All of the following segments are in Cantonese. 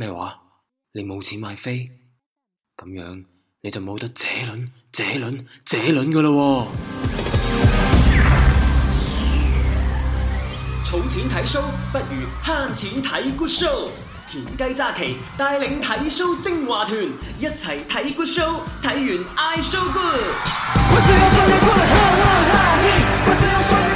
咩話？你冇錢買飛，咁樣你就冇得這輪、這輪、這輪噶啦！喎，儲錢睇 show 不如慳錢睇 good show。田雞揸旗帶領睇 show 精華團，一齊睇 good show，睇完嗌 show good。我需要 show 你 good，哈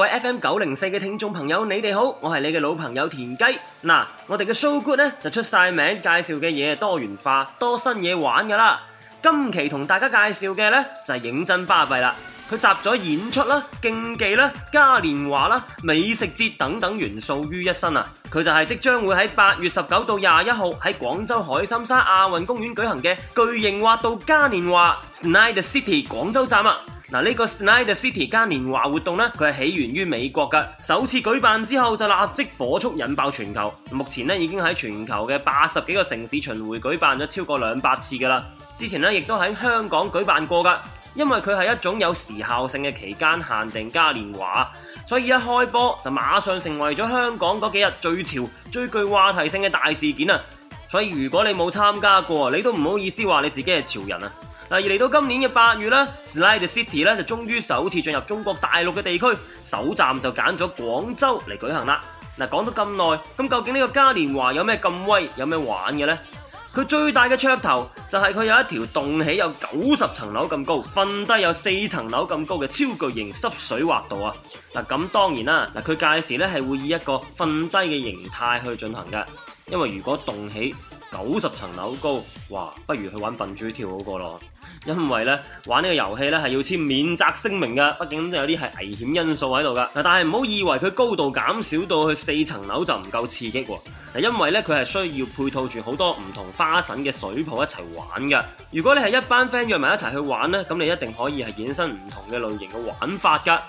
各位 FM 九零四嘅聽眾朋友，你哋好，我係你嘅老朋友田雞。嗱，我哋嘅 show good 呢，就出晒名，介紹嘅嘢多元化，多新嘢玩噶啦。今期同大家介紹嘅呢，就係、是、認真巴閉啦，佢集咗演出啦、競技啦、嘉年華啦、美食節等等元素於一身啊！佢就係即將會喺八月十九到廿一號喺廣州海心沙亞運公園舉行嘅巨型滑道嘉年華，Night City 廣州站啊！嗱，呢個 Slide the City 嘉年華活動咧，佢係起源於美國噶，首次舉辦之後就立即火速引爆全球。目前咧，已經喺全球嘅八十幾個城市巡迴舉辦咗超過兩百次噶啦。之前咧亦都喺香港舉辦過噶，因為佢係一種有時效性嘅期間限定嘉年華，所以一開波就馬上成為咗香港嗰幾日最潮、最具話題性嘅大事件啊！所以如果你冇參加過，你都唔好意思話你自己係潮人啊！嗱而嚟到今年嘅八月呢 Slide City 咧就終於首次進入中國大陸嘅地區，首站就揀咗廣州嚟舉行啦。嗱講咗咁耐，咁究竟呢個嘉年華有咩咁威，有咩玩嘅呢？佢最大嘅噱頭就係佢有一條棟起有九十層樓咁高，瞓低有四層樓咁高嘅超巨型濕水滑道啊！嗱咁當然啦，嗱佢屆時咧係會以一個瞓低嘅形態去進行㗎，因為如果棟起九十層樓高，哇！不如去玩笨豬跳好過咯，因為呢，玩呢個遊戲呢，係要簽免責聲明噶，畢竟都有啲係危險因素喺度噶。但係唔好以為佢高度減少到去四層樓就唔夠刺激喎。嗱，因為呢，佢係需要配套住好多唔同花神嘅水泡一齊玩嘅。如果你係一班 friend 約埋一齊去玩呢，咁你一定可以係衍生唔同嘅類型嘅玩法噶。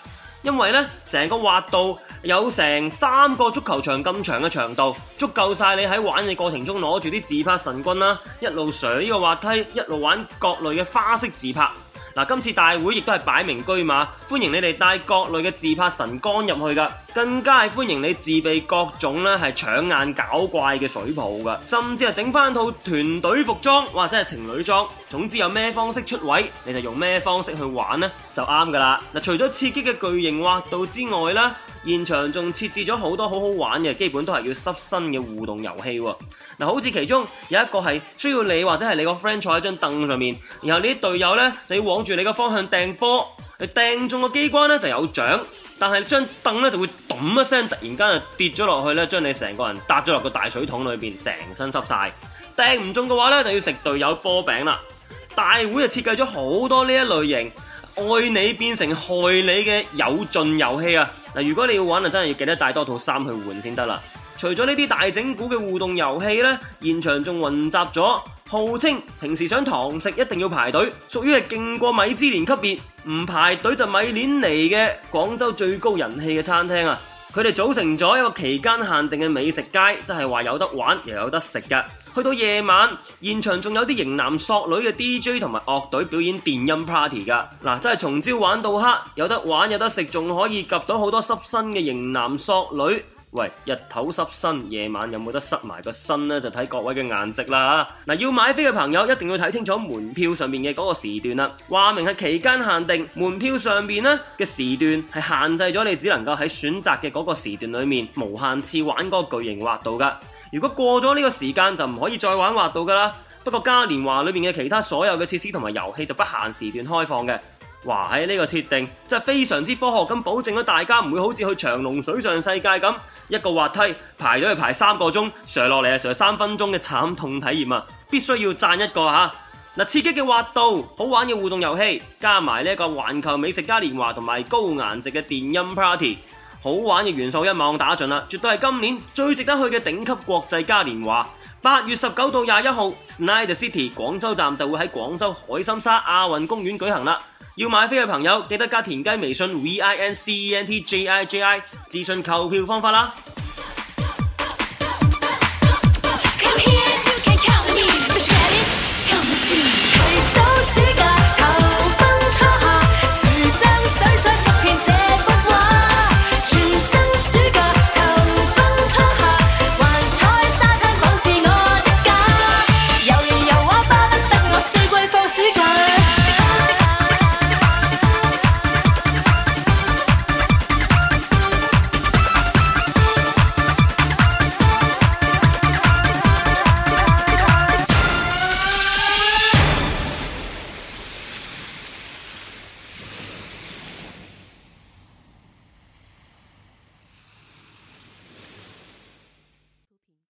因為呢，成個滑道有成三個足球場咁長嘅長度，足夠晒你喺玩嘅過程中攞住啲自拍神棍啦，一路上呢個滑梯，一路玩各類嘅花式自拍。嗱，今次大會亦都係擺明車馬，歡迎你哋帶各類嘅自拍神棍入去噶，更加係歡迎你自備各種咧係搶眼搞怪嘅水泡噶，甚至係整翻套團隊服裝，或者係情侶裝。總之有咩方式出位，你就用咩方式去玩咧，就啱噶啦。嗱，除咗刺激嘅巨型滑道之外咧。現場仲設置咗好多好好玩嘅，基本都係要濕身嘅互動遊戲喎。嗱，好似其中有一個係需要你或者係你個 friend 坐喺張凳上面，然後你啲隊友呢，就要往住你個方向掟波，你掟中個機關呢，就有獎，但係張凳呢就會咚一聲突然間就跌咗落去呢，將你成個人搭咗落個大水桶裏邊，成身濕晒。掟唔中嘅話呢，就要食隊友波餅啦。大會就設計咗好多呢一類型。愛你變成害你嘅有盡遊戲啊！如果你要玩啊，真係要記得帶多帶套衫去換先得啦。除咗呢啲大整蠱嘅互動遊戲呢，現場仲混雜咗號稱平時想堂食一定要排隊，屬於係勁過米芝蓮級別，唔排隊就米鏈嚟嘅廣州最高人氣嘅餐廳啊！佢哋組成咗一個期間限定嘅美食街，就係話有得玩又有得食嘅。去到夜晚，現場仲有啲型男索女嘅 DJ 同埋樂隊表演電音 party 㗎。嗱、啊，真係從朝玩到黑，有得玩有得食，仲可以睇到好多濕身嘅型男索女。喂，日頭濕身，夜晚有冇得濕埋個身呢，就睇各位嘅顏值啦吓。嗱，要買飛嘅朋友一定要睇清楚門票上面嘅嗰個時段啦，話明係期間限定。門票上面呢嘅時段係限制咗你只能夠喺選擇嘅嗰個時段裏面無限次玩嗰個巨型滑道㗎。如果過咗呢個時間就唔可以再玩滑道㗎啦。不過嘉年華裏面嘅其他所有嘅設施同埋遊戲就不限時段開放嘅。哇！喺、這、呢個設定真係非常之科學咁，保證咗大家唔會好似去長隆水上世界咁一個滑梯排隊去排三個鐘，上落嚟啊上三分鐘嘅慘痛體驗啊！必須要讚一個吓。嗱，刺激嘅滑道、好玩嘅互動遊戲，加埋呢一個環球美食嘉年華同埋高顏值嘅電音 party，好玩嘅元素一網打盡啦！絕對係今年最值得去嘅頂級國際嘉年華。八月十九到廿一號 n i d e t City 廣州站就會喺廣州海心沙亞運公園舉行啦！要買飛嘅朋友，記得加田雞微信 v i n c e n t j i j i 諮詢購票方法啦。